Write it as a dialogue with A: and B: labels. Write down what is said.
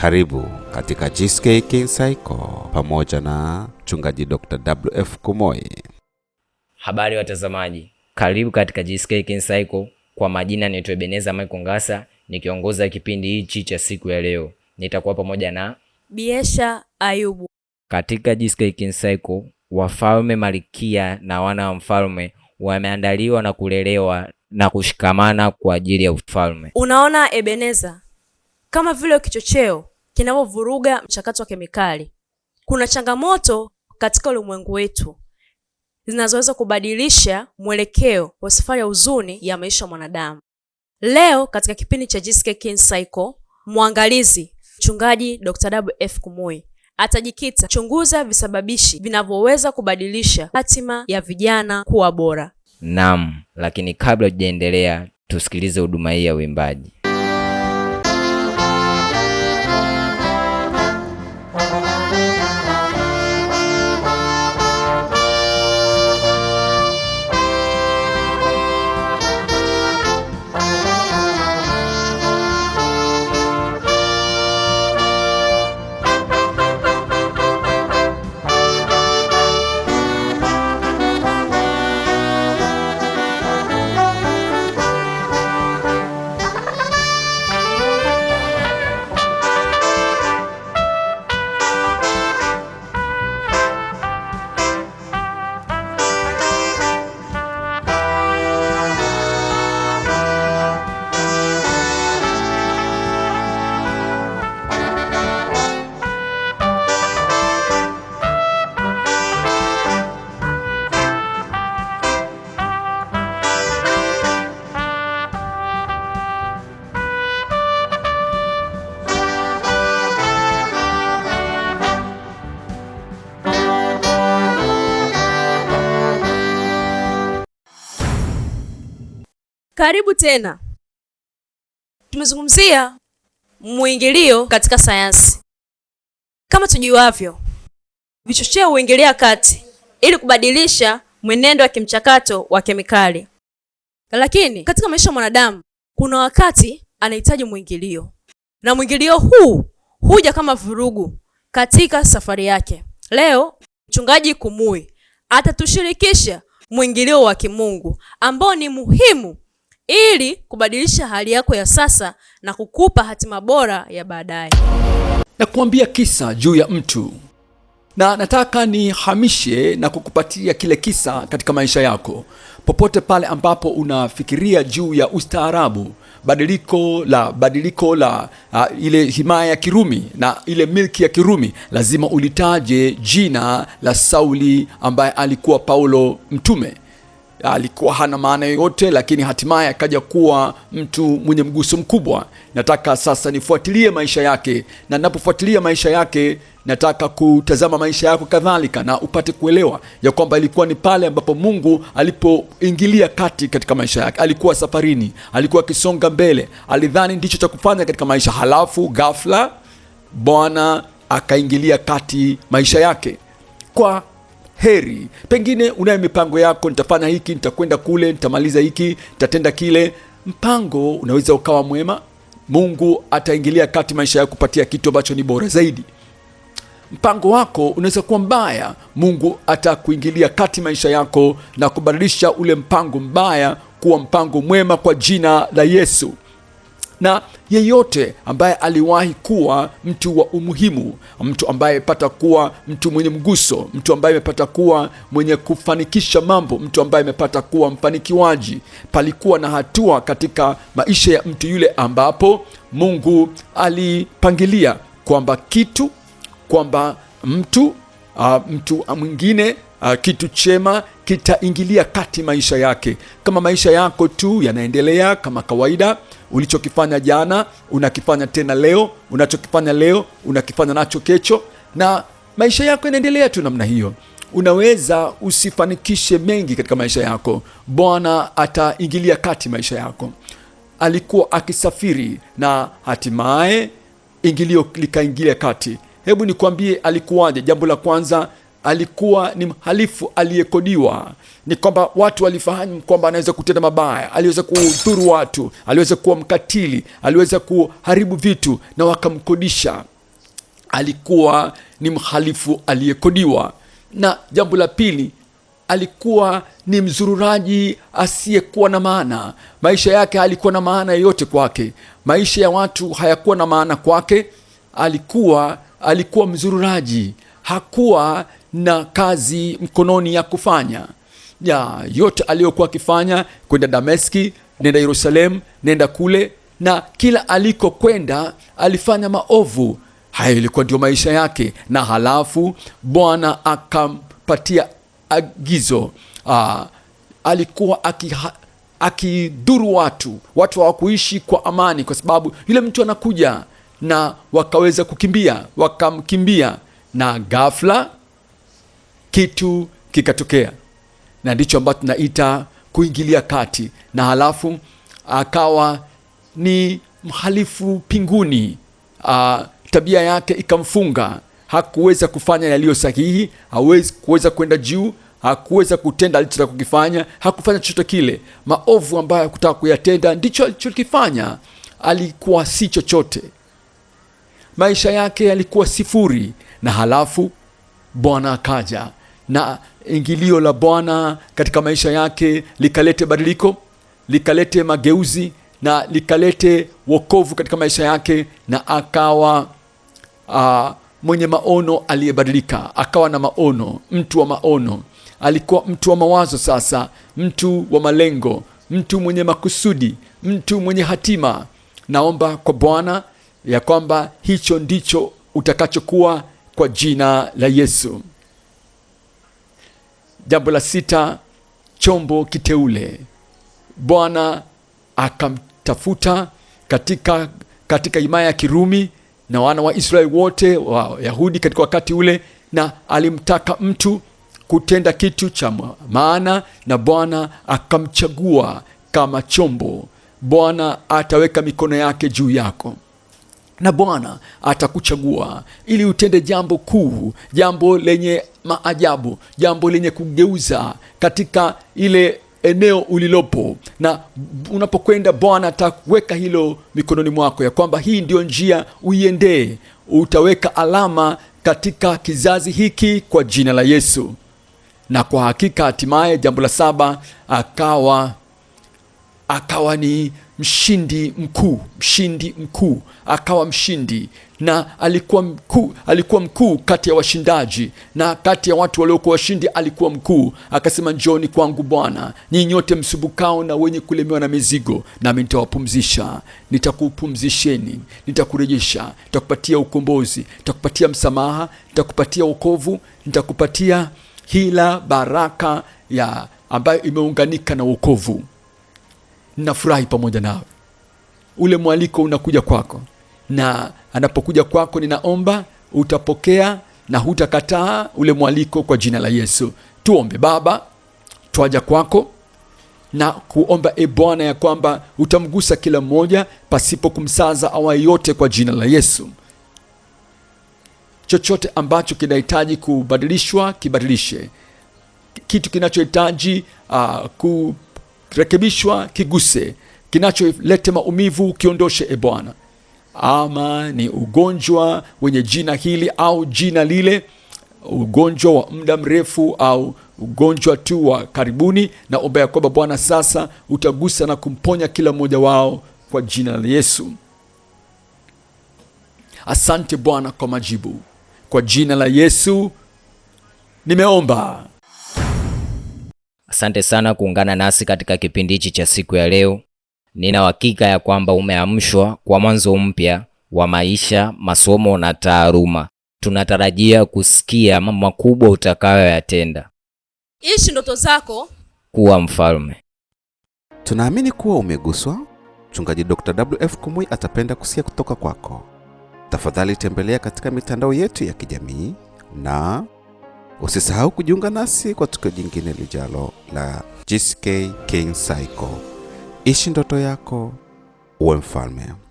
A: Karibu katika gskk psycho pamoja na mchungaji Dr. WF Kumoi.
B: Habari watazamaji, karibu katika gskk psycho Kwa majina naitwa Ebeneza Michael Ngasa, nikiongoza kipindi hichi cha siku ya leo. Nitakuwa pamoja na
C: Biesha Ayubu.
B: Katika gskk psycho wafalme, malikia na wana wa mfalme wameandaliwa na kulelewa na kushikamana kwa ajili ya ufalme.
C: Unaona Ebeneza, kama vile kichocheo kinavyovuruga mchakato wa kemikali. Kuna changamoto katika ulimwengu wetu zinazoweza kubadilisha mwelekeo wa safari ya uzuni ya maisha ya mwanadamu. Leo katika kipindi cha Jessica Kin Cycle, mwangalizi mchungaji Dr. WF Kumui atajikita chunguza visababishi vinavyoweza kubadilisha hatima ya vijana kuwa bora.
B: Naam, lakini kabla hujaendelea tusikilize huduma hii ya uimbaji.
C: Karibu tena. Tumezungumzia mwingilio katika sayansi. Kama tujuavyo, vichocheo huingilia kati ili kubadilisha mwenendo wa kimchakato wa kemikali, lakini katika maisha ya mwanadamu kuna wakati anahitaji mwingilio, na mwingilio huu huja kama vurugu katika safari yake. Leo Mchungaji Kumui atatushirikisha mwingilio wa kimungu ambao ni muhimu ili kubadilisha hali yako ya sasa na kukupa hatima bora ya baadaye.
D: Na kuambia kisa juu ya mtu na nataka nihamishe na kukupatia kile kisa katika maisha yako, popote pale ambapo unafikiria juu ya ustaarabu, badiliko la badiliko la a, ile himaya ya Kirumi na ile milki ya Kirumi, lazima ulitaje jina la Sauli ambaye alikuwa Paulo mtume alikuwa hana maana yoyote, lakini hatimaye akaja kuwa mtu mwenye mguso mkubwa. Nataka sasa nifuatilie maisha yake, na ninapofuatilia maisha yake nataka kutazama maisha yako kadhalika, na upate kuelewa ya kwamba ilikuwa ni pale ambapo Mungu alipoingilia kati katika maisha yake. Alikuwa safarini, alikuwa akisonga mbele, alidhani ndicho cha kufanya katika maisha, halafu ghafla Bwana akaingilia kati maisha yake kwa heri. Pengine unayo mipango yako, nitafanya hiki, nitakwenda kule, nitamaliza hiki, nitatenda kile. Mpango unaweza ukawa mwema, Mungu ataingilia kati maisha yako kupatia kitu ambacho ni bora zaidi. Mpango wako unaweza kuwa mbaya, Mungu atakuingilia kati maisha yako na kubadilisha ule mpango mbaya kuwa mpango mwema kwa jina la Yesu na yeyote ambaye aliwahi kuwa mtu wa umuhimu, mtu ambaye amepata kuwa mtu mwenye mguso, mtu ambaye amepata kuwa mwenye kufanikisha mambo, mtu ambaye amepata kuwa mfanikiwaji. Palikuwa na hatua katika maisha ya mtu yule ambapo Mungu alipangilia kwamba kitu, kwamba mtu a, mtu mwingine kitu chema kitaingilia kati maisha yake. Kama maisha yako tu yanaendelea kama kawaida Ulichokifanya jana unakifanya tena leo, unachokifanya leo unakifanya nacho kecho na maisha yako yanaendelea tu namna hiyo. Unaweza usifanikishe mengi katika maisha yako, Bwana ataingilia kati maisha yako. Alikuwa akisafiri na hatimaye ingilio likaingilia kati. Hebu nikwambie alikuwaje? Jambo la kwanza alikuwa ni mhalifu aliyekodiwa ni kwamba watu walifahamu kwamba anaweza kutenda mabaya aliweza kudhuru watu aliweza kuwa mkatili aliweza kuharibu vitu na wakamkodisha alikuwa ni mhalifu aliyekodiwa na jambo la pili alikuwa ni mzururaji asiyekuwa na maana maisha yake alikuwa na maana yeyote kwake maisha ya watu hayakuwa na maana kwake alikuwa alikuwa mzururaji hakuwa na kazi mkononi ya kufanya ya yote aliyokuwa akifanya kwenda Dameski, nenda Yerusalemu, nenda kule na kila alikokwenda alifanya maovu. Hayo ilikuwa ndio maisha yake, na halafu Bwana akampatia agizo. Aa, ah, alikuwa akiha, akidhuru watu, watu hawakuishi kwa amani, kwa sababu yule mtu anakuja na wakaweza kukimbia, wakamkimbia na ghafla kitu kikatokea, na ndicho ambacho tunaita kuingilia kati, na halafu akawa ni mhalifu pinguni. A, ah, tabia yake ikamfunga, hakuweza kufanya yaliyo sahihi, hawezi kuweza kwenda juu, hakuweza kutenda alichotaka kukifanya, hakufanya chochote kile. Maovu ambayo hakutaka kuyatenda ndicho alichokifanya, alikuwa si chochote, maisha yake yalikuwa sifuri, na halafu Bwana akaja na ingilio la Bwana katika maisha yake likalete badiliko, likalete mageuzi na likalete wokovu katika maisha yake, na akawa uh, mwenye maono aliyebadilika, akawa na maono, mtu wa maono. Alikuwa mtu wa mawazo, sasa mtu wa malengo, mtu mwenye makusudi, mtu mwenye hatima. Naomba kwa Bwana ya kwamba hicho ndicho utakachokuwa kwa jina la Yesu. Jambo la sita, chombo kiteule. Bwana akamtafuta katika, katika himaya ya Kirumi na wana wa Israeli wote wa Yahudi katika wakati ule, na alimtaka mtu kutenda kitu cha maana, na Bwana akamchagua kama chombo. Bwana ataweka mikono yake juu yako na Bwana atakuchagua ili utende jambo kuu, jambo lenye maajabu, jambo lenye kugeuza katika ile eneo ulilopo. Na unapokwenda, Bwana ataweka hilo mikononi mwako, ya kwamba hii ndiyo njia uiendee. Utaweka alama katika kizazi hiki kwa jina la Yesu. Na kwa hakika, hatimaye, jambo la saba, akawa akawa ni mshindi mkuu, mshindi mkuu, akawa mshindi na alikuwa mkuu, alikuwa mkuu kati ya washindaji na kati ya watu waliokuwa washindi alikuwa mkuu. Akasema, njoni kwangu Bwana nyinyi nyote msubukao na wenye kulemewa na mizigo, nami nitawapumzisha. Nitakupumzisheni, nitakurejesha, nitakupatia ukombozi, nitakupatia msamaha, nitakupatia wokovu, nitakupatia hila baraka ya ambayo imeunganika na wokovu ninafurahi pamoja nawe ule mwaliko unakuja kwako na anapokuja kwako ninaomba utapokea na hutakataa ule mwaliko kwa jina la yesu tuombe baba twaja kwako na kuomba e bwana ya kwamba utamgusa kila mmoja pasipo kumsaza awa yote kwa jina la yesu chochote ambacho kinahitaji kubadilishwa kibadilishe kitu kinachohitaji uh, rekebishwa, kiguse kinacholete maumivu, kiondoshe e Bwana. Ama ni ugonjwa wenye jina hili au jina lile, ugonjwa wa muda mrefu au ugonjwa tu wa karibuni, na omba ya kwamba Bwana sasa utagusa na kumponya kila mmoja wao kwa jina la Yesu. Asante Bwana kwa majibu, kwa jina la Yesu nimeomba.
B: Asante sana kuungana nasi katika kipindi hichi cha siku ya leo. Nina hakika ya kwamba umeamshwa kwa mwanzo mpya wa maisha, masomo na taaluma. Tunatarajia kusikia mambo makubwa utakayoyatenda.
C: Ishi ndoto zako,
B: kuwa mfalme.
A: Tunaamini kuwa umeguswa. Mchungaji Dr. WF Kumui atapenda kusikia kutoka kwako. Tafadhali tembelea katika mitandao yetu ya kijamii na Usisahau kujiunga nasi kwa tukio jingine lijalo la jsk King Cycle. Ishi ndoto yako, uwe mfalme.